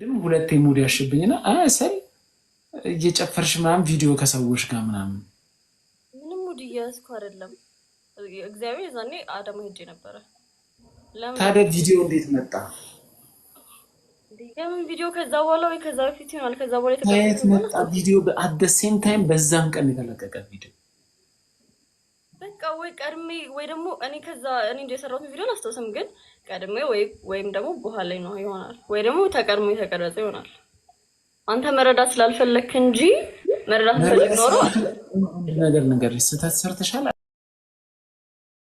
ደግሞ ሁለቴ ሙድ ያሽብኝና ሰይ እየጨፈርሽ ምናምን ቪዲዮ ከሰዎች ጋር ምናምን ምንም ሙድ እያያዝኩ አይደለም። እግዚአብሔር ዛኔ አዳማ ሄጄ ነበረ። ታዲያ ቪዲዮ እንዴት መጣ? የምን ቪዲዮ? ከዛ በኋላ ወይ ከዛ በፊት ይሆናል። ከዛ በኋላ የት መጣ ቪዲዮ? አት ደ ሴም ታይም በዛም ቀን የተለቀቀ ቪዲዮ ወይ ቀድሜ ወይ ደግሞ እኔ ከዛ እኔ እንደ የሰራሁት ቪዲዮን አስታውስም፣ ግን ቀድሜ ወይ ወይም ደግሞ በኋላ ላይ ነው ይሆናል፣ ወይ ደግሞ ተቀድሞ የተቀረጸ ይሆናል። አንተ መረዳት ስላልፈለክ እንጂ መረዳት ፈልግ ኖሮ ነገር ነገር ስህተት ሰርተሻል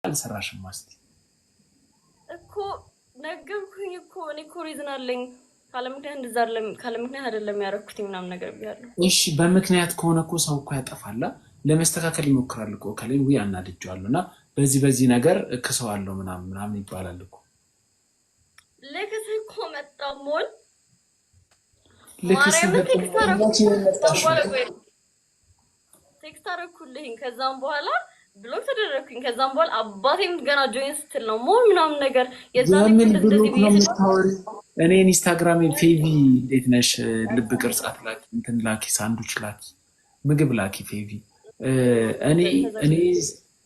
አልሰራሽም ማስቲ እኮ ነገርኩኝ እኮ እኔ እኮ ሪዝን አለኝ። ካለምክንያት እንደዛ ካለምክንያት አይደለም ያደረኩት ምናምን ነገር ብያለሁ። እሺ በምክንያት ከሆነ እኮ ሰው እኮ ያጠፋላ ለመስተካከል ይሞክራል እኮ ከላይ ውይ አናድጄዋለሁ እና በዚህ በዚህ ነገር እክሰዋለሁ ምናምን ምናምን ይባላል እኮ ልክስ እኮ መጣሁ ቴክስት አደረኩልኝ ከዛም በኋላ ብሎክ ተደረግኩኝ። ከዛም በኋላ አባቴም ገና ጆይን ስትል ነው ሞል ምናምን ነገር የዛምን ብሎክ ነው የምታወሪ። እኔ ኢንስታግራም ፌቪ እንዴት ነሽ ልብ ቅርጻት ላኪ እንትን ላኪ ሳንዱች ላኪ ምግብ ላኪ ፌቪ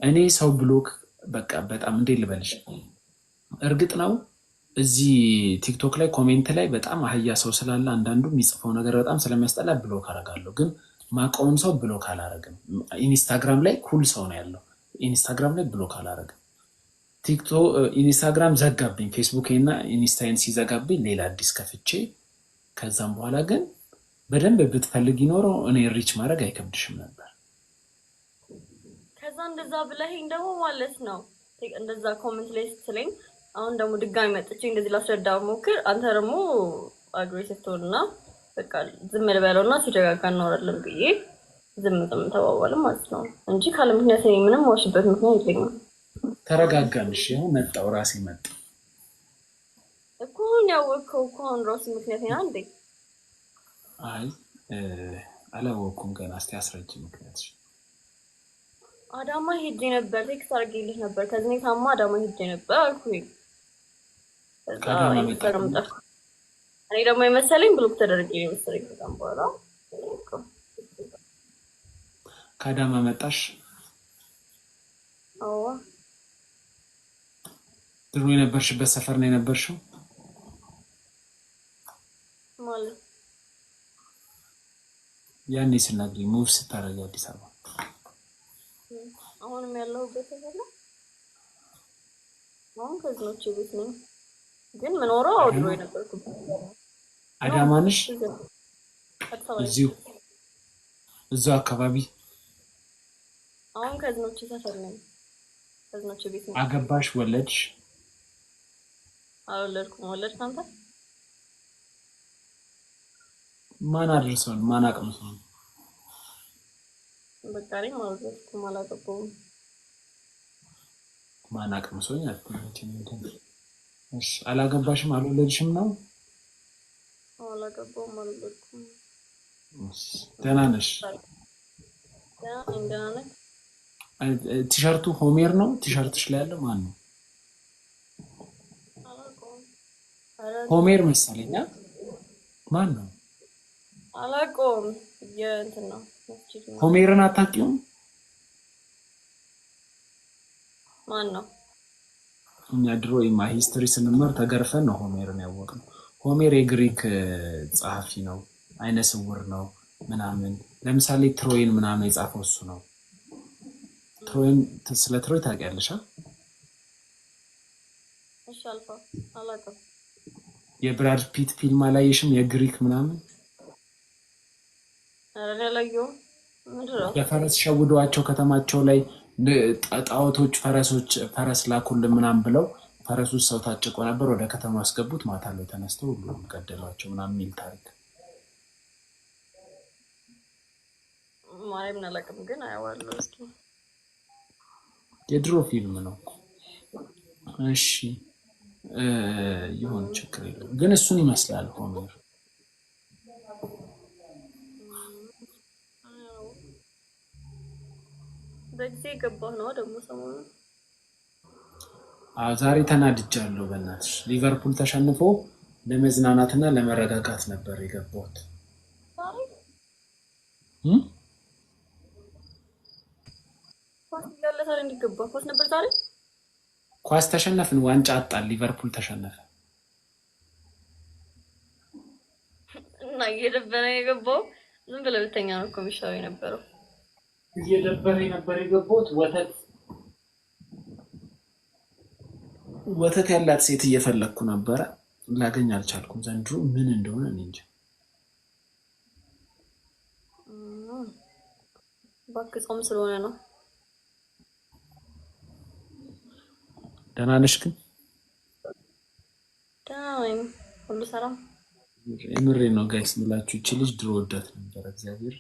እኔ ሰው ብሎክ በቃ በጣም እንዴ ልበልሽ፣ እርግጥ ነው እዚህ ቲክቶክ ላይ ኮሜንት ላይ በጣም አህያ ሰው ስላለ አንዳንዱ የሚጽፈው ነገር በጣም ስለሚያስጠላ ብሎክ አረጋለሁ። ግን ማቀውን ሰው ብሎክ አላረግም። ኢንስታግራም ላይ ሁል ሰው ነው ያለው። ኢንስታግራም ላይ ብሎክ አላረግም። ኢንስታግራም ዘጋብኝ፣ ፌስቡክ እና ኢንስታይን ሲዘጋብኝ ሌላ አዲስ ከፍቼ ከዛም በኋላ ግን በደንብ ብትፈልግ ይኖረው እኔ ሪች ማድረግ አይከብድሽም ነበር። ከዛ እንደዛ ብለኸኝ ደግሞ ማለት ነው እንደዛ ኮመንት ላይ ስትለኝ፣ አሁን ደግሞ ድጋሚ መጥቼ እንደዚህ ላስረዳ ሞክር። አንተ ደግሞ አግሬሲቭ ትሆንና በቃ ዝም ልበለው እና ሲደጋጋ እናወራለን ብዬ ዝም ዝም ተባባልን ማለት ነው እንጂ ካለ ምክንያት እኔ ምንም ዋሽበት ምክንያት የለኝም። ተረጋጋን። እሺ ያው መጣው ራሴ መጣ እኮ አሁን ያወቅከው እኮ አሁን ራሱ ምክንያት ና እንዴ? አይ አላወቅኩም ገና። እስቲ አስረጅ ምክንያት አዳማ ሄጄ ነበር። ቴክስት አድርጌልሽ ነበር። ከዚህ ታማ አዳማ ሄጄ ነበር አልኩኝ። እኔ ደግሞ የመሰለኝ ብሎክ ተደርጌ ነው የመሰለኝ። ከዛም በኋላ ከአዳማ መጣሽ? አዎ። ድሮ የነበርሽበት ሰፈር ነው የነበርሽው ማለት? ያኔ ስናገኝ ሙቭ ስታደርጊ አዲስ አበባ ነው ቤት አሁን ከዝኖች ቤት ነኝ፣ ግን ምኖረው ድሮ የነበርኩት አዳማ ነሽ? እዚሁ አካባቢ። አሁን ከዝኖች ሰፈር ነኝ፣ ከዝኖች ቤት ነኝ። አገባሽ? ወለድሽ? አልወለድኩም። ወለድክ አንተ? ማን አድርሰውን? ማን አቅምሰውን? በቃ እኔም አልወለድኩም፣ አላገባሁም ማን አቅምሶኝ አላገባሽም አልወለድሽም ነው? አላገባሁም አልወለድኩም። ደህና ነሽ? ቲሸርቱ ሆሜር ነው? ቲሸርትሽ ላይ ያለው ማን ነው? ሆሜር መሰለኛ። ማን ነው? አላውቀውም። ሆሜርን አታውቂውም? ማን ነው? እኛ ድሮ ማ ሂስትሪ ስንማር ተገርፈን ነው ሆሜርን ያወቅነው። ሆሜር የግሪክ ጸሐፊ ነው፣ አይነ ስውር ነው ምናምን። ለምሳሌ ትሮይን ምናምን የጻፈው እሱ ነው። ትሮይን ስለ ትሮይ ታውቂያለሽ? የብራድ ፒት ፊልም አላየሽም? የግሪክ ምናምን በፈረስ ሸውደዋቸው ከተማቸው ላይ ጣዖቶች ፈረሶች ፈረስ ላኩልን ምናምን ብለው ፈረሱ ሰው ታጭቆ ነበር። ወደ ከተማ አስገቡት። ማታ ላይ ተነስተው ሁሉም ገደሏቸው ምናምን የሚል ታሪክ ግን እስኪ የድሮ ፊልም ነው። እሺ ይሁን፣ ችግር የለም። ግን እሱን ይመስላል ሆሜር በጊዜ የገባሁ ነው ደግሞ ሰሞኑን ዛሬ ተናድጃለሁ። በእናትሽ ሊቨርፑል ተሸንፎ ለመዝናናትና ለመረጋጋት ነበር የገባሁት። ኳስ ተሸነፍን፣ ዋንጫ አጣል። ሊቨርፑል ተሸነፈ እና እየደበረ የገባው ዝም ብለህ ብተኛ ነው እኮ የሚሻለው የነበረው እየደበረኝ ነበር የገባሁት። ወተት ወተት ያላት ሴት እየፈለግኩ ነበረ፣ ላገኝ አልቻልኩም። ዘንድሮ ምን እንደሆነ እኔ እንጃ። እባክህ ጾም ስለሆነ ነው። ደህና ነሽ ግን? ደህና ነኝ፣ ሁሉ ሰላም። የምሬ ነው ጋይስ ምላችሁ። ይቺ ልጅ ድሮ ወዳት ነበር እግዚአብሔር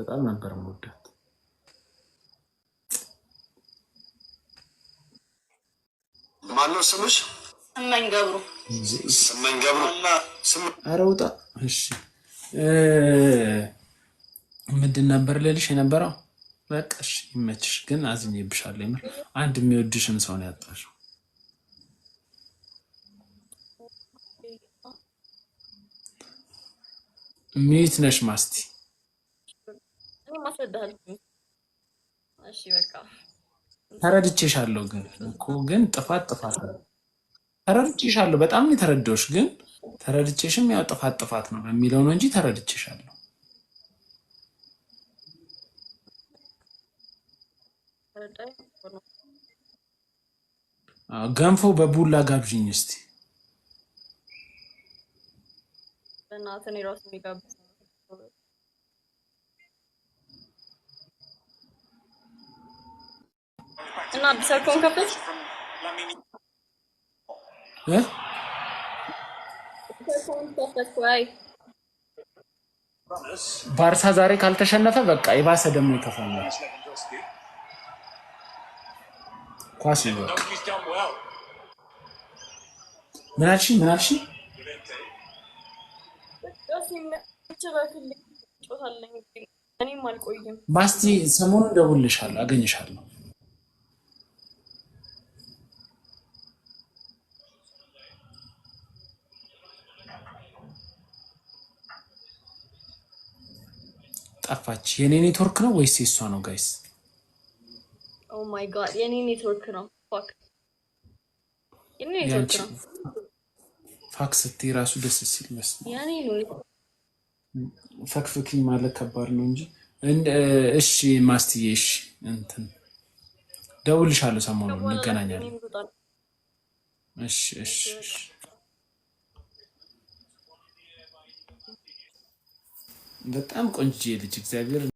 በጣም ነበር መወዳት። ማነው ስምሽ? ስመኝ ገብሩ። ስመኝ ገብሩ። ኧረ ውጣ። እሺ ምንድን ነበር ልልሽ የነበረው? በቃ እሺ ይመችሽ። ግን አዝኜብሻለሁ። የምር አንድ የሚወድሽን ሰው ነው ያጣሽው። ሚዩት ነሽ ማስቲ ተረድቼሻለሁ። ግን እኮ ግን ጥፋት ጥፋት ነው። ተረድቼሻለሁ፣ በጣም ነው የተረዳሁሽ። ግን ተረድቼሽም ያው ጥፋት ጥፋት ነው የሚለው ነው እንጂ ተረድቼሻለሁ። ገንፎ በቡላ ጋብዥኝ እስቲ የሚጋብዝ እና አዲስ ከፈች እ ባርሳ ዛሬ ካልተሸነፈ በቃ የባሰ ደግሞ ይከፋል። ኳስ ነው። ምን አልሽኝ? ምን አልሽኝ? ማስቲ ሰሞኑን ደውልሻለሁ፣ አገኝሻለሁ የኔ ኔትወርክ ነው ወይስ የእሷ ነው? ጋይስ oh ፋክ ማይ ራሱ ደስ ሲል ፈክፍኪኝ ማለት ከባድ ነው እንጂ። እሺ ማስትዬ፣ እሺ እንትን ደውልልሻለሁ፣ ሰሞኑን እንገናኛለን። እሺ እሺ እሺ በጣም ቆንጆ ልጅ እግዚአብሔር